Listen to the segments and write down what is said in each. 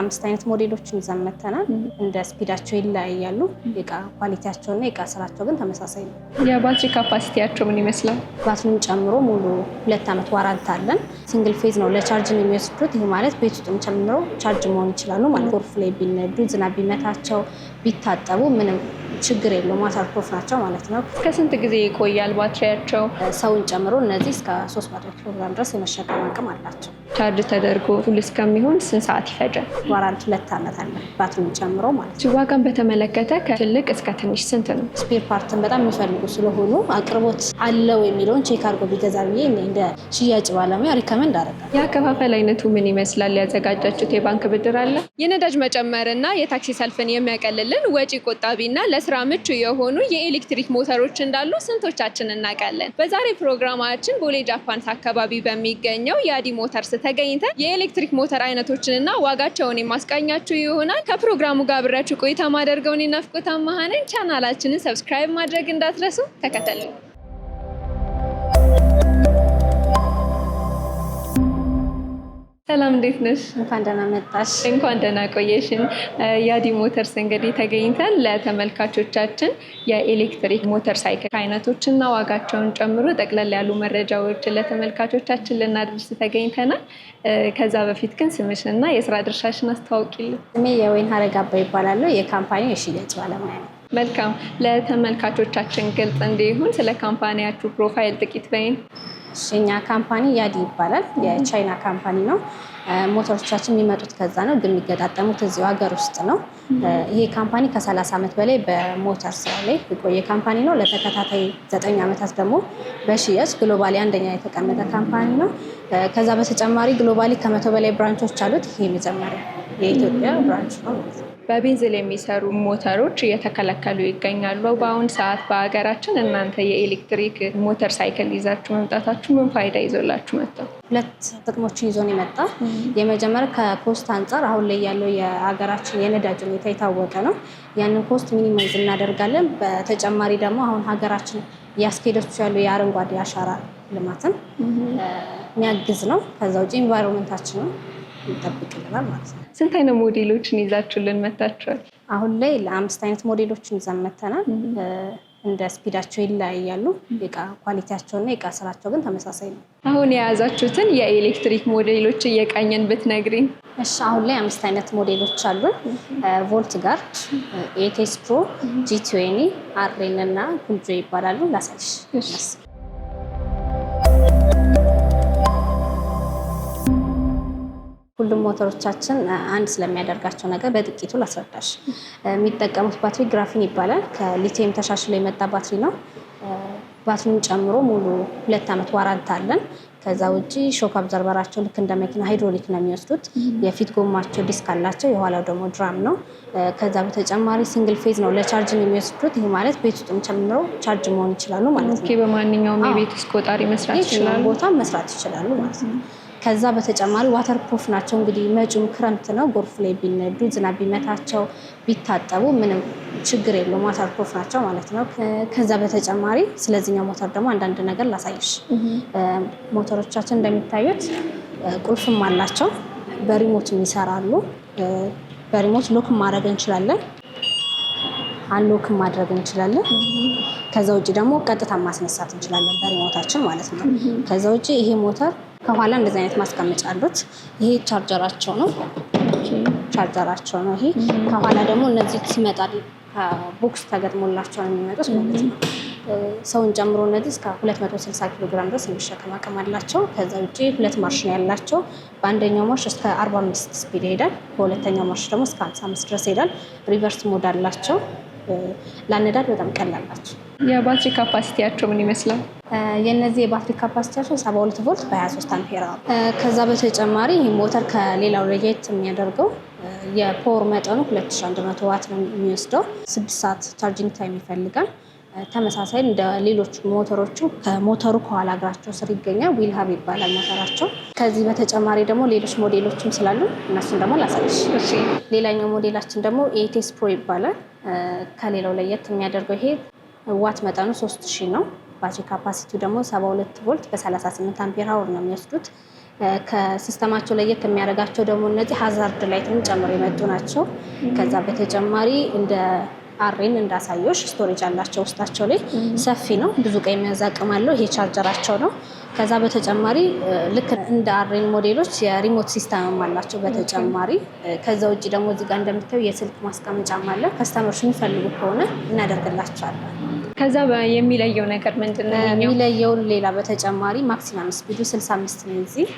አምስት አይነት ሞዴሎችን ይዘን እንደ ስፒዳቸው ይለያያሉ። የእቃ ኳሊቲያቸውና የእቃ ስራቸው ግን ተመሳሳይ ነው። የባትሪ ካፓሲቲያቸው ምን ይመስላል? ባትሪን ጨምሮ ሙሉ ሁለት ዓመት ዋራንት አለን። ሲንግል ፌዝ ነው ለቻርጅ የሚወስዱት። ይህ ማለት ቤት ውስጥም ጨምሮ ቻርጅ መሆን ይችላሉ ማለት ጎርፍ ላይ ቢነዱ ዝናብ ቢመታቸው ቢታጠቡ ምንም ችግር የለውም። ዋተር ናቸው ማለት ነው። እስከ ስንት ጊዜ ይቆያል ባትሪያቸው? ሰውን ጨምሮ እነዚህ እስከ 300 ኪሎግራም ድረስ የመሸከም አቅም አላቸው። ቻርጅ ተደርጎ ፉል እስከሚሆን ስንት ሰዓት ይፈጃል? ዋራንት ሁለት ዓመት አለ ባትሪን ጨምሮ ማለት ነው። ዋጋን በተመለከተ ከትልቅ እስከ ትንሽ ስንት ነው? ስፔር ፓርትን በጣም የሚፈልጉ ስለሆኑ አቅርቦት አለው የሚለውን ቼክ አድርጎ ቢገዛ ብዬ እንደ ሽያጭ ባለሙያ ሪከመንድ አደርጋለሁ። የአከፋፈል አይነቱ ምን ይመስላል? ያዘጋጃችሁት የባንክ ብድር አለ? የነዳጅ መጨመርና የታክሲ ሰልፍን የሚያቀልል የሚያቀሉልን ወጪ ቆጣቢና ለስራ ምቹ የሆኑ የኤሌክትሪክ ሞተሮች እንዳሉ ስንቶቻችን እናውቃለን? በዛሬ ፕሮግራማችን ቦሌ ጃፓንስ አካባቢ በሚገኘው የአዲ ሞተርስ ተገኝተን የኤሌክትሪክ ሞተር አይነቶችንና ዋጋቸውን የማስቃኛችሁ ይሆናል። ከፕሮግራሙ ጋር ብራችሁ ቆይታ ማደርገውን ናፍቆት አማሃ ነኝ። ቻናላችንን ሰብስክራይብ ማድረግ እንዳትረሱ። ተከተሉ። ሰላም እንዴት ነሽ? እንኳን ደህና መጣሽ። እንኳን ደህና ቆየሽን። ያዲ ሞተርስ እንግዲህ ተገኝተን ለተመልካቾቻችን የኤሌክትሪክ ሞተር ሳይክል አይነቶችና ዋጋቸውን ጨምሮ ጠቅለል ያሉ መረጃዎችን ለተመልካቾቻችን ልናደርስ ተገኝተናል። ከዛ በፊት ግን እና የስራ ድርሻሽን አስተዋውቂልን። ስሜ የወይን ሀረግ አባ ይባላሉ። የሽያጭ ባለሙያ ነው። መልካም። ለተመልካቾቻችን ግልጽ እንዲሁን ስለ ካምፓኒያችሁ ፕሮፋይል ጥቂት በይን። እኛ ካምፓኒ ያዲ ይባላል። የቻይና ካምፓኒ ነው። ሞተሮቻችን የሚመጡት ከዛ ነው፣ ግን የሚገጣጠሙት እዚሁ ሀገር ውስጥ ነው። ይሄ ካምፓኒ ከ30 ዓመት በላይ በሞተር ስራ ላይ የቆየ ካምፓኒ ነው። ለተከታታይ ዘጠኝ ዓመታት ደግሞ በሽያጭ ግሎባሊ አንደኛ የተቀመጠ ካምፓኒ ነው። ከዛ በተጨማሪ ግሎባሊ ከመቶ በላይ ብራንቾች አሉት። ይሄ የመጀመሪያ የኢትዮጵያ ብራንች ነው። በቤንዝል የሚሰሩ ሞተሮች እየተከለከሉ ይገኛሉ። በአሁን ሰዓት በሀገራችን እናንተ የኤሌክትሪክ ሞተር ሳይክል ይዛችሁ መምጣታችሁ ምን ፋይዳ ይዞላችሁ መጥተው? ሁለት ጥቅሞችን ይዞን የመጣ የመጀመሪያ ከኮስት አንጻር አሁን ላይ ያለው የሀገራችን የነዳጅ ሁኔታ የታወቀ ነው። ያንን ኮስት ሚኒማይዝ እናደርጋለን። በተጨማሪ ደግሞ አሁን ሀገራችን እያስኬደች ያሉ የአረንጓዴ አሻራ ልማትን የሚያግዝ ነው። ከዛ ውጭ ነው ይጠብቅልናል ማለት ነው። ስንት አይነት ሞዴሎችን ይዛችሁልን መታችኋል? አሁን ላይ ለአምስት አይነት ሞዴሎችን ይዘን መተናል። እንደ ስፒዳቸው ይለያያሉ። የእቃ ኳሊቲያቸውና የእቃ ስራቸው ግን ተመሳሳይ ነው። አሁን የያዛችሁትን የኤሌክትሪክ ሞዴሎች እየቃኘን ብትነግሪኝ። እሺ፣ አሁን ላይ አምስት አይነት ሞዴሎች አሉ። ቮልት ጋርድ፣ ኤቴስ ፕሮ፣ ጂቲዌኒ፣ አሬን እና ጉልጆ ይባላሉ። ላሳይሽ ሁሉም ሞተሮቻችን አንድ ስለሚያደርጋቸው ነገር በጥቂቱ ላስረዳሽ። የሚጠቀሙት ባትሪ ግራፊን ይባላል። ከሊቲየም ተሻሽሎ የመጣ ባትሪ ነው። ባትሪን ጨምሮ ሙሉ ሁለት ዓመት ዋራንት አለን። ከዛ ውጭ ሾክ አብዘርበራቸው ልክ እንደ መኪና ሃይድሮሊክ ነው የሚወስዱት። የፊት ጎማቸው ዲስክ አላቸው፣ የኋላው ደግሞ ድራም ነው። ከዛ በተጨማሪ ሲንግል ፌዝ ነው ለቻርጅ የሚወስዱት። ይህ ማለት ቤት ውስጥም ጨምሮ ቻርጅ መሆን ይችላሉ ማለት ነው። በማንኛውም የቤት ውስጥ ቆጣሪ መስራት ይችላሉ፣ ቦታ መስራት ይችላሉ ማለት ነው። ከዛ በተጨማሪ ዋተር ፕሩፍ ናቸው። እንግዲህ መጪው ክረምት ነው፣ ጎርፍ ላይ ቢነዱ ዝናብ ቢመታቸው ቢታጠቡ ምንም ችግር የለውም። ዋተር ፕሩፍ ናቸው ማለት ነው። ከዛ በተጨማሪ ስለዚህኛው ሞተር ደግሞ አንዳንድ ነገር ላሳይሽ። ሞተሮቻችን እንደሚታዩት ቁልፍም አላቸው፣ በሪሞትም ይሰራሉ። በሪሞት ሎክ ማድረግ እንችላለን፣ አንሎክ ማድረግ እንችላለን። ከዛ ውጭ ደግሞ ቀጥታ ማስነሳት እንችላለን በሪሞታችን ማለት ነው። ከዛ ውጭ ይሄ ሞተር ከኋላ እንደዚህ አይነት ማስቀመጫ አሉት። ይሄ ቻርጀራቸው ነው። ቻርጀራቸው ነው ይሄ። ከኋላ ደግሞ እነዚህ ሲመጣ ቦክስ ተገጥሞላቸው ነው የሚመጡት ማለት ነው። ሰውን ጨምሮ እነዚህ እስከ 260 ኪሎ ግራም ድረስ የሚሸከም አቅም አላቸው። ከዛ ውጭ ሁለት ማርሽ ነው ያላቸው። በአንደኛው ማርሽ እስከ 45 ስፒድ ይሄዳል። በሁለተኛው ማርሽ ደግሞ እስከ 55 ድረስ ይሄዳል። ሪቨርስ ሞድ አላቸው። ላነዳድ በጣም ቀላል ናቸው። የባትሪ ካፓሲቲያቸው ምን ይመስላል? የእነዚህ የባትሪ ካፓሲቲያቸው 72 ቮልት በ23 አምፔር ከዛ በተጨማሪ ይህ ሞተር ከሌላው ለየት የሚያደርገው የፖወር መጠኑ 2100 ዋት ነው የሚወስደው። ስድስት ሰዓት ቻርጂንግ ታይም ይፈልጋል። ተመሳሳይ እንደ ሌሎች ሞተሮቹ ከሞተሩ ከኋላ እግራቸው ስር ይገኛል። ዊልሀብ ይባላል ሞተራቸው። ከዚህ በተጨማሪ ደግሞ ሌሎች ሞዴሎችም ስላሉ እነሱን ደግሞ ላሳይሽ። ሌላኛው ሞዴላችን ደግሞ ኤቴስ ፕሮ ይባላል። ከሌላው ለየት የሚያደርገው ይሄ ዋት መጠኑ 3000 ነው። ባትሪ ካፓሲቲው ደግሞ 72 ቮልት በ38 አምፔር አወር ነው የሚወስዱት። ከሲስተማቸው ለየት የሚያደርጋቸው ደግሞ እነዚህ ሀዛርድ ላይትንም ጨምሮ የመጡ ናቸው። ከዛ በተጨማሪ እንደ አሬን እንዳሳየሽ ስቶሬጅ አላቸው ውስጣቸው ላይ ሰፊ ነው። ብዙ ቀይ የመያዝ አቅም አለው። ይሄ ቻርጀራቸው ነው። ከዛ በተጨማሪ ልክ እንደ አሬን ሞዴሎች የሪሞት ሲስተምም አላቸው በተጨማሪ። ከዛ ውጭ ደግሞ እዚጋ እንደምታዩ የስልክ ማስቀመጫ አለ። ከስተመሮች የሚፈልጉ ከሆነ እናደርግላቸዋለን። ከዛ የሚለየው ነገር ምንድን ነው? የሚለየውን ሌላ በተጨማሪ ማክሲማም ስፒዱ 65 ነው እዚህ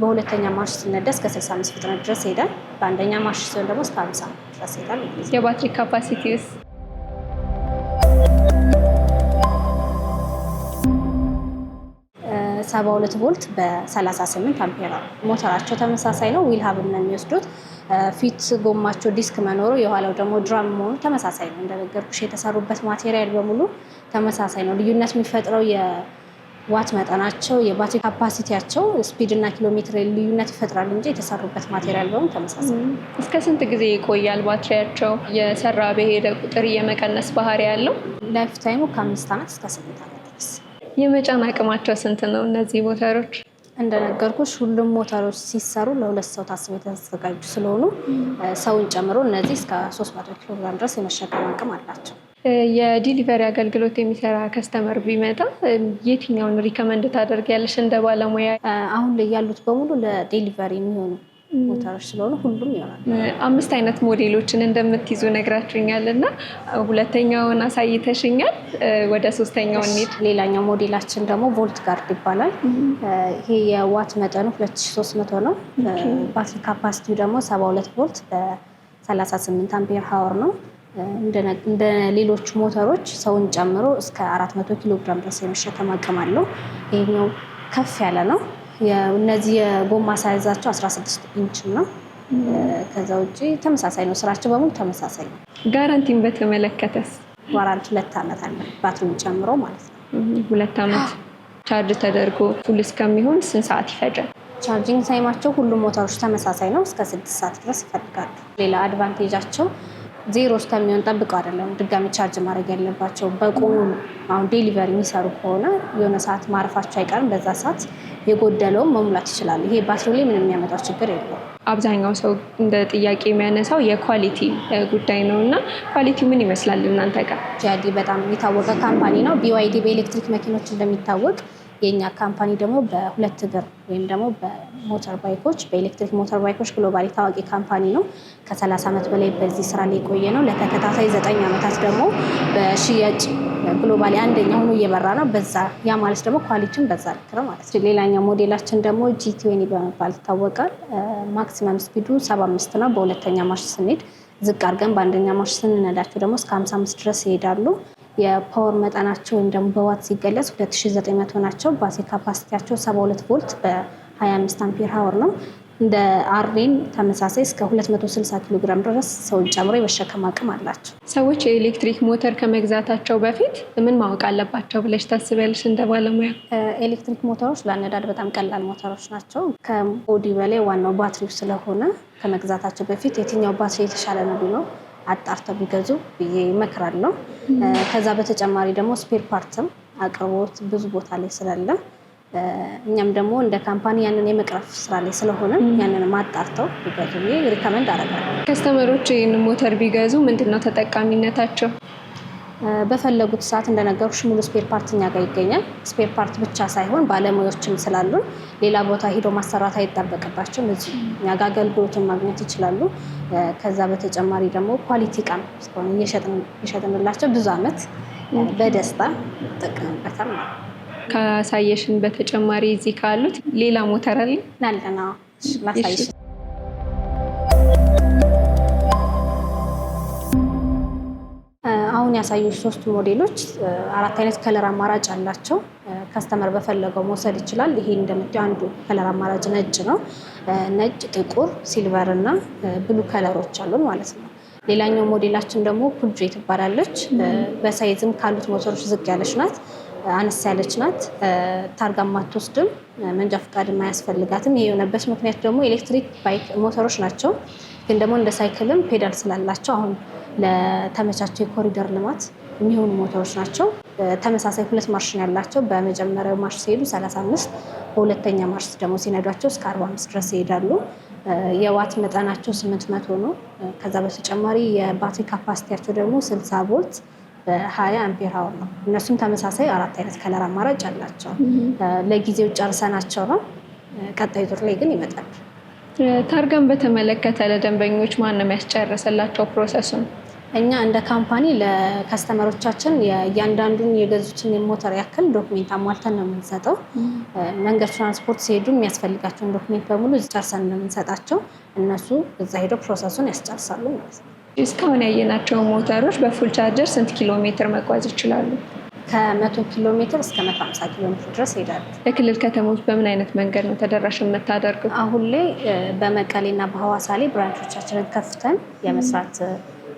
በሁለተኛ ማርሽ ስነደስ እስከ 65 ፍጥነት ድረስ ይሄዳል። በአንደኛ ማርሽ ሲሆን ደግሞ እስከ 50 ድረስ ይሄዳል። የባትሪ ካፓሲቲስ ሰባ ሁለት ቮልት በ38 አምፔር ሞተራቸው ተመሳሳይ ነው። ዊል ሀብ ነው የሚወስዱት። ፊት ጎማቸው ዲስክ መኖሩ የኋላው ደግሞ ድራም መሆኑ ተመሳሳይ ነው። እንደነገርኩሽ የተሰሩበት ማቴሪያል በሙሉ ተመሳሳይ ነው። ልዩነት የሚፈጥረው ዋት መጠናቸው፣ የባትሪ ካፓሲቲያቸው፣ ስፒድ እና ኪሎ ሜትር ልዩነት ይፈጥራል እንጂ የተሰሩበት ማቴሪያል በሙሉ ተመሳሳይ። እስከ ስንት ጊዜ ይቆያል ባትሪያቸው? የሰራ በሄደ ቁጥር የመቀነስ ባህሪ ያለው ላይፍ ታይሙ ከአምስት ዓመት እስከ ስምንት ዓመት ድረስ። የመጫን አቅማቸው ስንት ነው እነዚህ ሞተሮች? እንደነገርኩሽ ሁሉም ሞተሮች ሲሰሩ ለሁለት ሰው ታስበው የተዘጋጁ ስለሆኑ ሰውን ጨምሮ እነዚህ እስከ 300 ኪሎ ግራም ድረስ የመሸከም አቅም አላቸው። የዲሊቨሪ አገልግሎት የሚሰራ ከስተመር ቢመጣ የትኛውን ሪከመንድ ታደርጊያለሽ? እንደ ባለሙያ አሁን ላይ ያሉት በሙሉ ለዲሊቨሪ የሚሆኑ ቦታዎች ስለሆኑ ሁሉም ይሆናል። አምስት አይነት ሞዴሎችን እንደምትይዙ ነግራችሁኛል እና ሁለተኛውን አሳይተሽኛል። ወደ ሶስተኛው እንሂድ። ሌላኛው ሞዴላችን ደግሞ ቮልት ጋርድ ይባላል። ይሄ የዋት መጠኑ 2300 ነው። ባትሪ ካፓሲቲው ደግሞ 72 ቮልት በ38 አምፔር ሀወር ነው። እንደ ሌሎቹ ሞተሮች ሰውን ጨምሮ እስከ 400 ኪሎ ግራም ድረስ የመሸከም አቅም አለው። ይሄኛው ከፍ ያለ ነው። እነዚህ የጎማ ሳይዛቸው 16 ኢንች ነው። ከዛ ውጭ ተመሳሳይ ነው። ስራቸው በሙሉ ተመሳሳይ ነው። ጋራንቲን በተመለከተስ ዋራንት ሁለት ዓመት አለ ባትሪውን ጨምሮ ማለት ነው። ሁለት ዓመት ቻርጅ ተደርጎ ፉል እስከሚሆን ስንት ሰዓት ይፈጃል? ቻርጅንግ ታይማቸው ሁሉም ሞተሮች ተመሳሳይ ነው። እስከ ስድስት ሰዓት ድረስ ይፈልጋሉ። ሌላ አድቫንቴጃቸው ዜሮ እስከሚሆን ጠብቀው አይደለም ድጋሚ ቻርጅ ማድረግ ያለባቸው። በቆሙ አሁን ዴሊቨሪ የሚሰሩ ከሆነ የሆነ ሰዓት ማረፋቸው አይቀርም። በዛ ሰዓት የጎደለውን መሙላት ይችላሉ። ይሄ ባትሪ ላይ ምንም የሚያመጣው ችግር የለውም። አብዛኛው ሰው እንደ ጥያቄ የሚያነሳው የኳሊቲ ጉዳይ ነው እና ኳሊቲ ምን ይመስላል እናንተ ጋር? ጂአዲ በጣም የታወቀ ካምፓኒ ነው። ቢዋይዲ በኤሌክትሪክ መኪኖች እንደሚታወቅ የእኛ ካምፓኒ ደግሞ በሁለት እግር ወይም ደግሞ በሞተር ባይኮች በኤሌክትሪክ ሞተር ባይኮች ግሎባሊ ታዋቂ ካምፓኒ ነው። ከ30 ዓመት በላይ በዚህ ስራ ላይ የቆየ ነው። ለተከታታይ ዘጠኝ ዓመታት ደግሞ በሽያጭ ግሎባሊ አንደኛ ሆኖ እየበራ ነው። በዛ ያ ማለት ደግሞ ኳሊቲውን በዛ ልክ ማለት ነው። ሌላኛው ሞዴላችን ደግሞ ጂቲዌኒ በመባል ይታወቃል። ማክሲመም ስፒዱ 75 ነው። በሁለተኛ ማርሽ ስንሄድ ዝቅ አድርገን በአንደኛ ማርሽ ስንነዳቸው ደግሞ እስከ 55 ድረስ ይሄዳሉ። የፓወር መጠናቸው ወይም ደግሞ በዋት ሲገለጽ 2900 ናቸው። ባሴ ካፓሲቲያቸው 72 ቮልት በ25 አምፒር ሀወር ነው። እንደ አርቬን ተመሳሳይ እስከ 260 ኪሎ ግራም ድረስ ሰውን ጨምሮ የመሸከም አቅም አላቸው። ሰዎች የኤሌክትሪክ ሞተር ከመግዛታቸው በፊት ምን ማወቅ አለባቸው ብለሽ ታስቢያለሽ? እንደ ባለሙያ ኤሌክትሪክ ሞተሮች ለአነዳድ በጣም ቀላል ሞተሮች ናቸው። ከቦዲ በላይ ዋናው ባትሪው ስለሆነ ከመግዛታቸው በፊት የትኛው ባትሪ የተሻለ ነው ቢለው አጣርተው ቢገዙ ብዬ ይመክራለሁ ከዛ በተጨማሪ ደግሞ ስፔር ፓርትም አቅርቦት ብዙ ቦታ ላይ ስላለ እኛም ደግሞ እንደ ካምፓኒ ያንን የመቅረፍ ስራ ላይ ስለሆነ ያንን ማጣርተው ቢገዙ ሪከመንድ አደርጋለሁ። ከስተመሮች ይህን ሞተር ቢገዙ ምንድን ነው ተጠቃሚነታቸው? በፈለጉት ሰዓት እንደነገሩሽ ሙሉ ስፔር ፓርት እኛ ጋር ይገኛል። ስፔር ፓርት ብቻ ሳይሆን ባለሙያዎችም ስላሉን ሌላ ቦታ ሂዶ ማሰራት አይጠበቅባቸውም። እዚህ እኛ ጋር አገልግሎትን ማግኘት ይችላሉ። ከዛ በተጨማሪ ደግሞ ኳሊቲ እቃ እስካሁን እየሸጥንላቸው ብዙ አመት በደስታ ይጠቀምበታል። ከሳየሽን በተጨማሪ እዚህ ካሉት ሌላ ሞተር አለ ናለና ላሳይሽ ያሳዩች ሶስቱ ሞዴሎች አራት አይነት ከለር አማራጭ አላቸው። ከስተመር በፈለገው መውሰድ ይችላል። ይሄ እንደምታዩ አንዱ ከለር አማራጭ ነጭ ነው። ነጭ፣ ጥቁር፣ ሲልቨር እና ብሉ ከለሮች አሉን ማለት ነው። ሌላኛው ሞዴላችን ደግሞ ኩጆ ትባላለች። በሳይዝም ካሉት ሞተሮች ዝቅ ያለች ናት። አነስ ያለች ናት። ታርጋ ማትወስድም፣ መንጃ ፈቃድ አያስፈልጋትም። ይህ የሆነበት ምክንያት ደግሞ ኤሌክትሪክ ባይክ ሞተሮች ናቸው። ግን ደግሞ እንደ ሳይክልም ፔዳል ስላላቸው አሁን ለተመቻቸው የኮሪደር ልማት የሚሆኑ ቦታዎች ናቸው። ተመሳሳይ ሁለት ማርሽን ያላቸው በመጀመሪያው ማርሽ ሲሄዱ 35 በሁለተኛ ማርሽ ደግሞ ሲነዷቸው እስከ 45 ድረስ ይሄዳሉ። የዋት መጠናቸው 800 ነው። ከዛ በተጨማሪ የባትሪ ካፓሲቲያቸው ደግሞ 60 ቮልት በ20 አምፔር ሀወር ነው። እነሱም ተመሳሳይ አራት አይነት ከለር አማራጭ አላቸው። ለጊዜው ጨርሰናቸው ነው። ቀጣይ ዙር ላይ ግን ይመጣል። ታርጋን በተመለከተ ለደንበኞች ማን ነው የሚያስጨርስላቸው ፕሮሰሱን? እኛ እንደ ካምፓኒ ለከስተመሮቻችን እያንዳንዱን የገዙትን የሞተር ያክል ዶክሜንት አሟልተን ነው የምንሰጠው። መንገድ ትራንስፖርት ሲሄዱ የሚያስፈልጋቸውን ዶክሜንት በሙሉ ጨርሰን ነው የምንሰጣቸው። እነሱ እዛ ሄደው ፕሮሰሱን ያስጨርሳሉ ማለት ነው። እስካሁን ያየናቸው ሞተሮች በፉል ቻርጀር ስንት ኪሎ ሜትር መጓዝ ይችላሉ? ከመቶ ኪሎ ሜትር እስከ መቶ ሀምሳ ኪሎ ሜትር ድረስ ይሄዳሉ። ለክልል ከተሞች በምን አይነት መንገድ ነው ተደራሽ የምታደርገው? አሁን ላይ በመቀሌና በሐዋሳ ላይ ብራንቾቻችንን ከፍተን የመስራት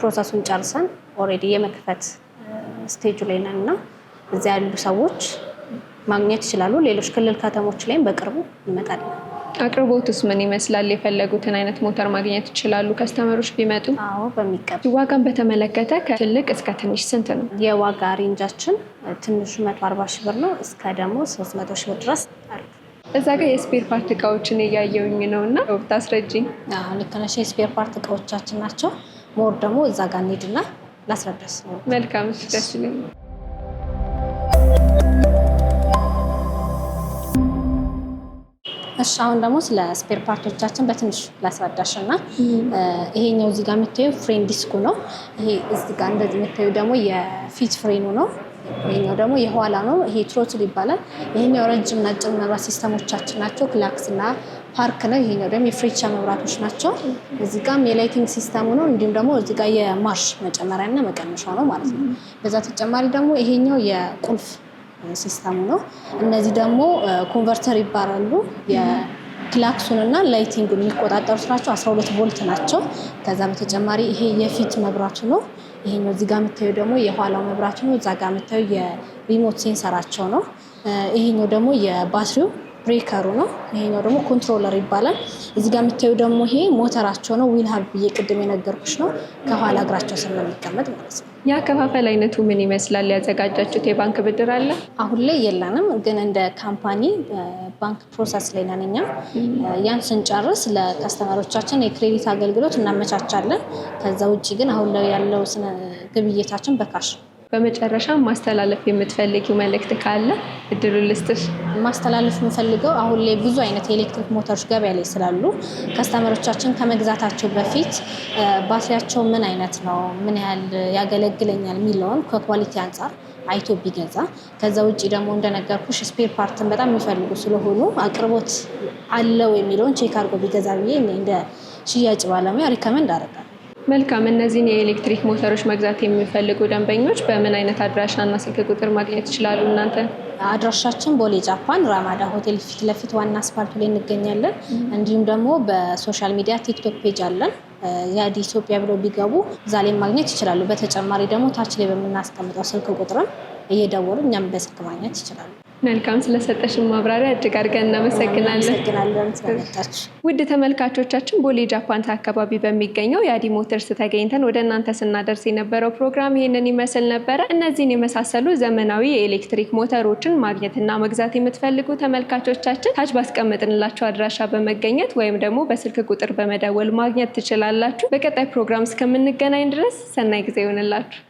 ፕሮሰሱን ጨርሰን ኦልሬዲ የመክፈት ስቴጁ uh, ላይ ነን እና እዚያ ያሉ ሰዎች ማግኘት ይችላሉ። ሌሎች ክልል ከተሞች ላይም በቅርቡ ይመጣል። አቅርቦትስ ምን ይመስላል? የፈለጉትን አይነት ሞተር ማግኘት ይችላሉ ከስተመሮች ቢመጡ? አዎ በሚገባ። ዋጋን በተመለከተ ከትልቅ እስከ ትንሽ ስንት ነው? የዋጋ ሬንጃችን ትንሹ መቶ አርባ ሺህ ብር ነው እስከ ደግሞ ሶስት መቶ ሺህ ብር ድረስ አሉ። እዛ ጋር የስፔር ፓርት እቃዎችን እያየውኝ ነው እና ብታስረጅኝ። ልክ ነሽ። የስፔር ፓርት እቃዎቻችን ናቸው ሞር ደግሞ እዛ ጋር እንሂድና ላስረዳሽ ነው። መልካም ደስ እሺ አሁን ደግሞ ስለ ስፔር ፓርቶቻችን በትንሽ ላስረዳሽ እና ይሄኛው እዚህ ጋር የምታዩ ፍሬን ዲስኩ ነው። ይሄ እዚህ ጋር እንደዚህ የምታዩ ደግሞ የፊት ፍሬኑ ነው። ይሄኛው ደግሞ የኋላ ነው። ይሄ ትሮትል ይባላል። ይሄኛው ረጅም እና መብራት ሲስተሞቻችን ናቸው። ክላክስ እና ፓርክ ነው። ይሄኛው ደግሞ የፍሬቻ መብራቶች ናቸው። እዚህ ጋም የላይቲንግ ሲስተሙ ነው። እንዲሁም ደግሞ እዚህ ጋ የማርሽ መጨመሪያ ና መቀነሻ ነው ማለት ነው። በዛ ተጨማሪ ደግሞ ይሄኛው የቁልፍ ሲስተሙ ነው። እነዚህ ደግሞ ኮንቨርተር ይባላሉ። ክላክሱን እና ላይቲንጉን የሚቆጣጠሩ ናቸው። 12 ቮልት ናቸው። ከዛ በተጨማሪ ይሄ የፊት መብራቱ ነው። ይሄኛው እዚህ ጋር የምታዩ ደግሞ የኋላው መብራቱ ነው። እዛ የምታዩ የሪሞት ሴንሰራቸው ነው። ይሄኛው ደግሞ የባትሪው ብሬከሩ ነው። ይሄኛው ደግሞ ኮንትሮለር ይባላል። እዚህ ጋር የምታዩ ደግሞ ይሄ ሞተራቸው ነው። ዊል ሀብ ብዬ ቅድም የነገርኩች ነው። ከኋላ እግራቸው የሚቀመጥ ማለት ነው። የአከፋፈል አይነቱ ምን ይመስላል? ያዘጋጃችሁት የባንክ ብድር አለ? አሁን ላይ የለንም፣ ግን እንደ ካምፓኒ ባንክ ፕሮሰስ ላይ ነን እኛ። ያን ስንጨርስ ለከስተመሮቻችን የክሬዲት አገልግሎት እናመቻቻለን። ከዛ ውጭ ግን አሁን ላይ ያለው ግብይታችን በካሽ ነው። በመጨረሻ ማስተላለፍ የምትፈልጊው መልእክት ካለ እድሉ ልስጥሽ። ማስተላለፍ የምፈልገው አሁን ላይ ብዙ አይነት የኤሌክትሪክ ሞተሮች ገበያ ላይ ስላሉ ከስተመሮቻችን ከመግዛታቸው በፊት ባትሪያቸው ምን አይነት ነው፣ ምን ያህል ያገለግለኛል የሚለውን ከኳሊቲ አንጻር አይቶ ቢገዛ። ከዛ ውጭ ደግሞ እንደነገርኩሽ ስፔር ፓርትን በጣም የሚፈልጉ ስለሆኑ አቅርቦት አለው የሚለውን ቼክ አድርጎ ቢገዛ ብዬ እንደ ሽያጭ ባለሙያ ሪከመንድ አደርጋለሁ። መልካም። እነዚህን የኤሌክትሪክ ሞተሮች መግዛት የሚፈልጉ ደንበኞች በምን አይነት አድራሻና ስልክ ቁጥር ማግኘት ይችላሉ? እናንተ አድራሻችን ቦሌ ጃፓን ራማዳ ሆቴል ፊት ለፊት ዋና አስፓልቱ ላይ እንገኛለን። እንዲሁም ደግሞ በሶሻል ሚዲያ ቲክቶክ ፔጅ አለን። ያዲ ኢትዮጵያ ብለው ቢገቡ እዛ ላይ ማግኘት ይችላሉ። በተጨማሪ ደግሞ ታች ላይ በምናስቀምጠው ስልክ ቁጥርም እየደወሉ እኛም በስልክ ማግኘት ይችላሉ። መልካም ስለሰጠሽን ማብራሪያ እጅግ አድርገን እናመሰግናለን። ውድ ተመልካቾቻችን ቦሌ ጃፓንታ አካባቢ በሚገኘው የአዲ ሞተርስ ተገኝተን ወደ እናንተ ስናደርስ የነበረው ፕሮግራም ይህንን ይመስል ነበረ። እነዚህን የመሳሰሉ ዘመናዊ የኤሌክትሪክ ሞተሮችን ማግኘትና መግዛት የምትፈልጉ ተመልካቾቻችን ታች ባስቀምጥንላቸው አድራሻ በመገኘት ወይም ደግሞ በስልክ ቁጥር በመደወል ማግኘት ትችላላችሁ። በቀጣይ ፕሮግራም እስከምንገናኝ ድረስ ሰናይ ጊዜ ይሆንላችሁ።